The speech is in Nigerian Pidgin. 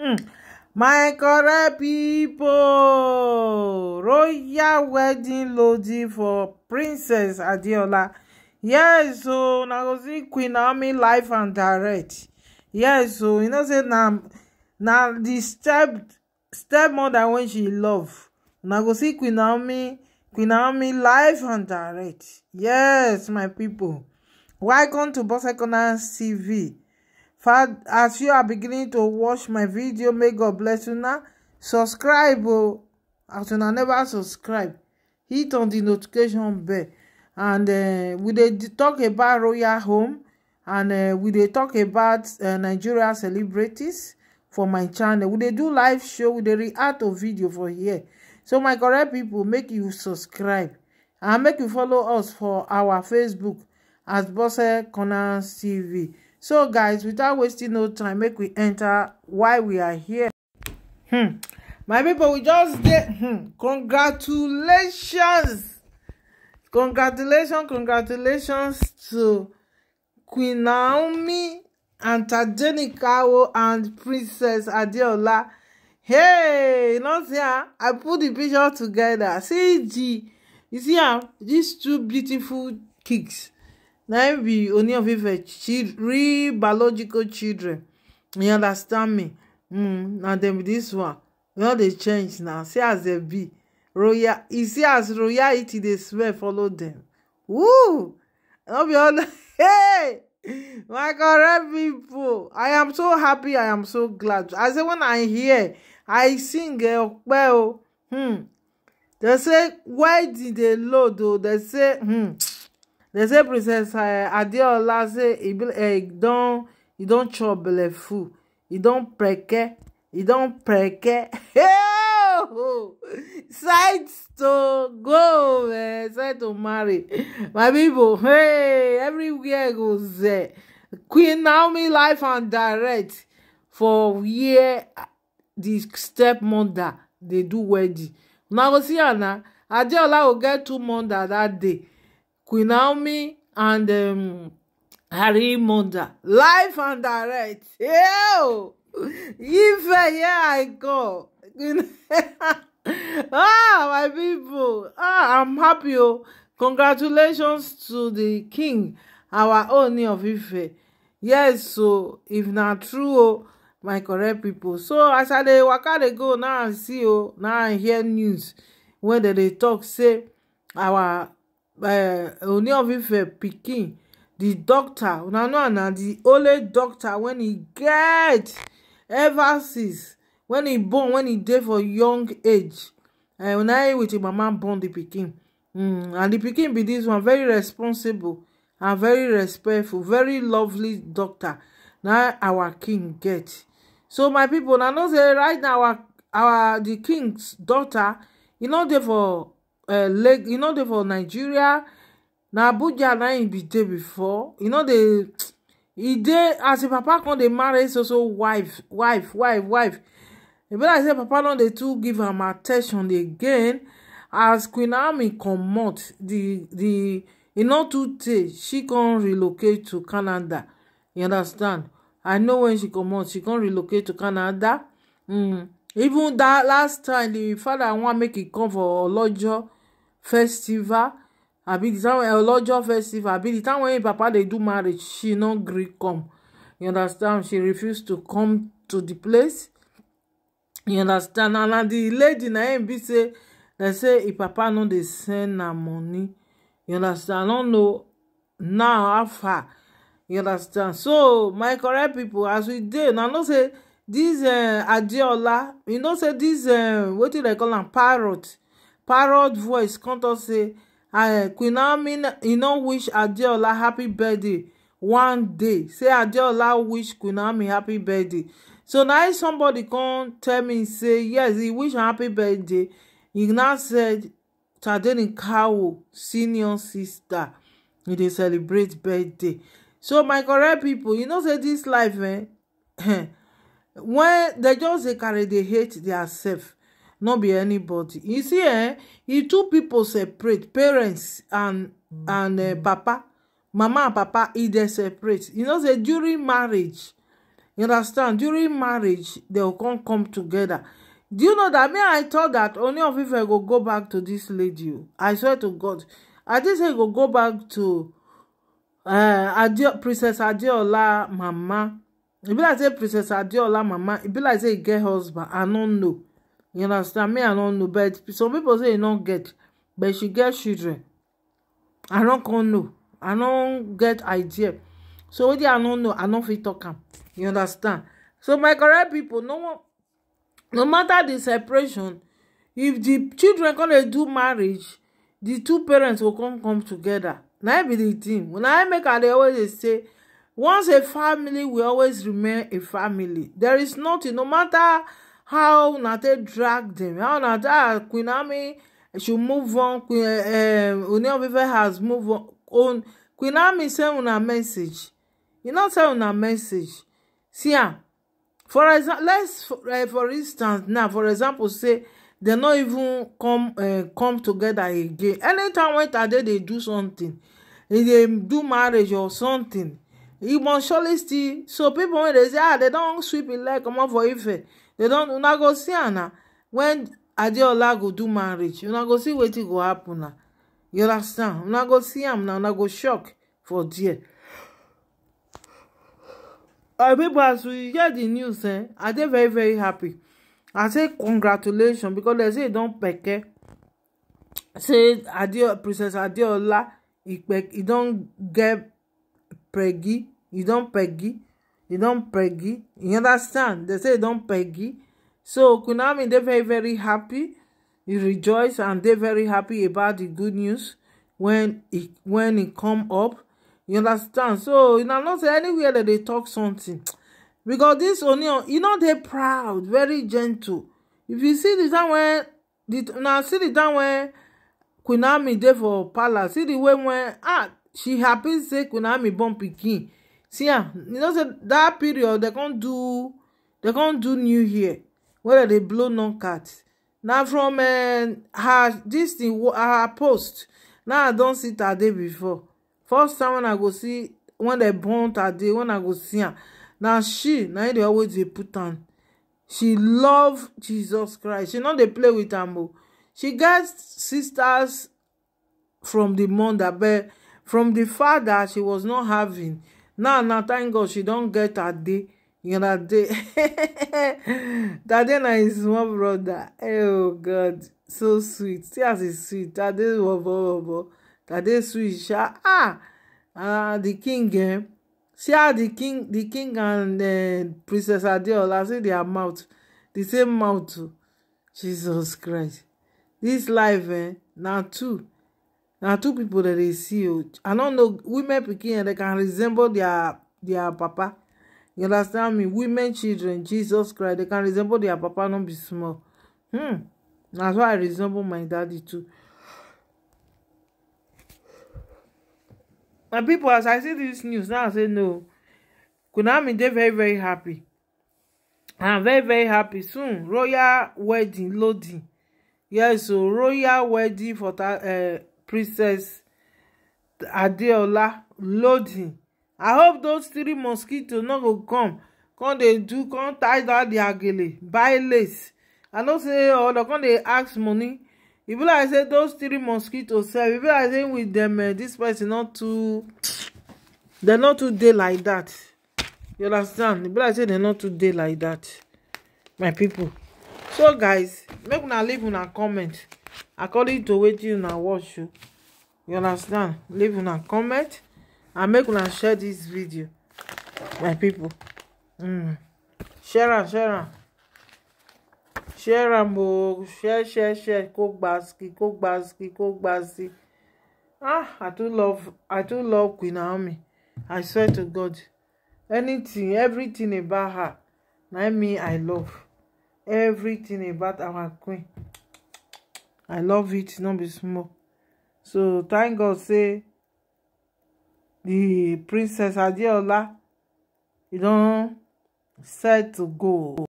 Hmm. my correct pipo royal wedding loading for princess adeola yes o na go see queen naomi live and direct yes o you know say na di stepmother wey she love na go see queen naomi queen naomi live and direct yes my pipo welcome to boss economics tv as you are beginning to watch my video may god bless you now subscribe oh as you never subscribe hit on the notification bell and uh, we dey talk about royal home and uh, we dey talk about uh, nigeria celebrities for my channel we dey do live show we dey react to video for here so my correct people, make you subscribe and make you follow us for our facebook as bose corners tv so guys without wasting no time make we enter why we are here hmm my people, we just dey hmm congratulations congratulations congratulations to queen naomi and tajeni kawo and princess adeola hey you here, ah, i put the picture together see the you see how ah, these two beautiful kicks na im be only of Ife real biological children you understand me mm, na dem be dis one we no dey change na see as dem be royal you see as royalty dey smell follow dem woo no be all hey my correct pipo i am so happy i am so glad i say wen i hear i sing eh, ọpẹ o hmm dem say wedding dey load o dem say hmm dem say princess eh, adeola say e don e don chop belle full e don preke e don preke side to go eh side to marry my pipo hey everywhere go zeh queen naomi life and direct for wia di stepmother dey do wedding una go see her na adeola go get two mother dat day Queen Naomi and um, Arimonda live and direct. Yo! Ife, here I go. ah, my people. Ah, I'm happy. Oh. Congratulations to the king, our Ooni of Ife. Yes, so if not true, oh, my correct people. So as I dey waka dey go now I see oh, now I hear news when they talk say our Eh, oni of ife pikin di doctor una know na the only doctor when he get ever since when he born when he dey for young age eh, una with im mama born the di pikin mm, and the pikin be this one very responsible and very respectful very lovely doctor now our king get so my people na know say right now our our the king's daughter you know dey for lake e no dey for nigeria na abuja na im bin dey before You know, dey e dey as im papa come dey marry so so wife wife wife wife e be like say papa no dey too give am at ten tion again as queen Amy comot the, the, e no too tey she come relocate to canada you understand i know when she comot she come relocate to canada mm. even that last time the father want make e come for olojo festival abi the time olojo festival abi the time when papa dey do marriage she no gree come you understand she refuse to come to the place you understand and na the lady na im be say dem say im papa no dey send am money you understand i no know now how far you understand so my correct people, as we dey na know say dis eh, adeola you know say dis eh, wetin dem call am parrot parrot voice come talk say queen naomi e no wish adeola happy birthday one day say adeola wish queen naomi happy birthday so na somebody come tell me say yes he wish her happy birthday He now said tadeni kawo senior sister e dey celebrate birthday so my correct people, you know say this life eh when they just dey carry dey hate theirself no be anybody you see eh e two people separate parents and and eh, papa mama and papa e dey separate you know say during marriage you understand during marriage dem come come together do you know that me i thought that only of if I go go back to this lady oh? i swear to god i think say go go back to uh, princess adeola mama e be like say princess adeola mama e be like say e get husband i no know you understand me i don't know but some people say e don't get but she get children i don't know i don't get idea so wetin i don't know i don't fit talk you understand so my correct people, no no matter the separation if the children gonna do marriage the two parents will come come together na be the thing. When I make i dey always say once a family will always remain a family there is nothing no matter how una take drag dem how una drag queen ami she move on queen eh, Ooni of has move on queen ami send una message You no send una message see am ah, for example let's for, uh, eh, for instance now for example say dem no even come uh, come together again anytime when tade dey do something e dey do marriage or something e must surely still so people wey dey say ah dem don sweep im leg comot for Ife they don una go see na wen adeola go do marriage una go see wetin go happen na you understand una go see am na una go shock for there our pipo as we hear the news eh i dey very very happy i say congratulations because they say e don peke say princess adeola e don get pegi e don pegi they don't peggy you understand they say they don't peggy so Kunami naomi very very happy e rejoice and dey very happy about the good news when it when it come up you understand so na not say anywhere that they talk something because this onion you know dey proud very gentle if you see the time when the now see the time when Kunami naomi for palace see the way when ah she happy say Kunami naomi born see am ah, you know say period they can't do they can't do new here. wey they blow non out Now from eh, her this thing her post now i don't see that day before first time wen i go see when they born that day. When i go see am now she now im always dey put on. she love jesus christ she no dey play with am o oh. she got sisters from the mother but from the father she was not having now na thank god she don't get her day you know day tade na his small brother oh god so sweet see as e sweet tade wobo wobo tade sweet sha ah ah the king eh see how the king the king and uh, princess adeola see their mouth the same mouth jesus christ this life eh Now too na two people dem dey see o oh, i don't know women pikin they can resemble their their papa you understand me women children jesus christ They can resemble their papa Not be small hmm That's why i resemble my daddy too my people, as i see this news now i say no konami they're very very happy i'm very very happy soon royal wedding loading yes so royal wedding for uh, princess adeola lodi i hope those three mosquitoes no go come come they do come tie down their gele buy lace i don't say oda come they ask money e be like say those three mosquitoes sef e be like say with them, uh, eh, dis person not too They're not too dey like that. you understand e be like say dem no too dey like that, my people. so guys make una leave a comment according to wetin una watch o you understand leave una comment and make una share dis video my pipo mm. share am share am share am o share share share kó gbaski kó gbaski kó gbasi ah i too love i too love Queen Naomi i swear to God anything everything about her na me i love everything about our queen i love it no be small so thank god say the princess Adiola. You don't set to go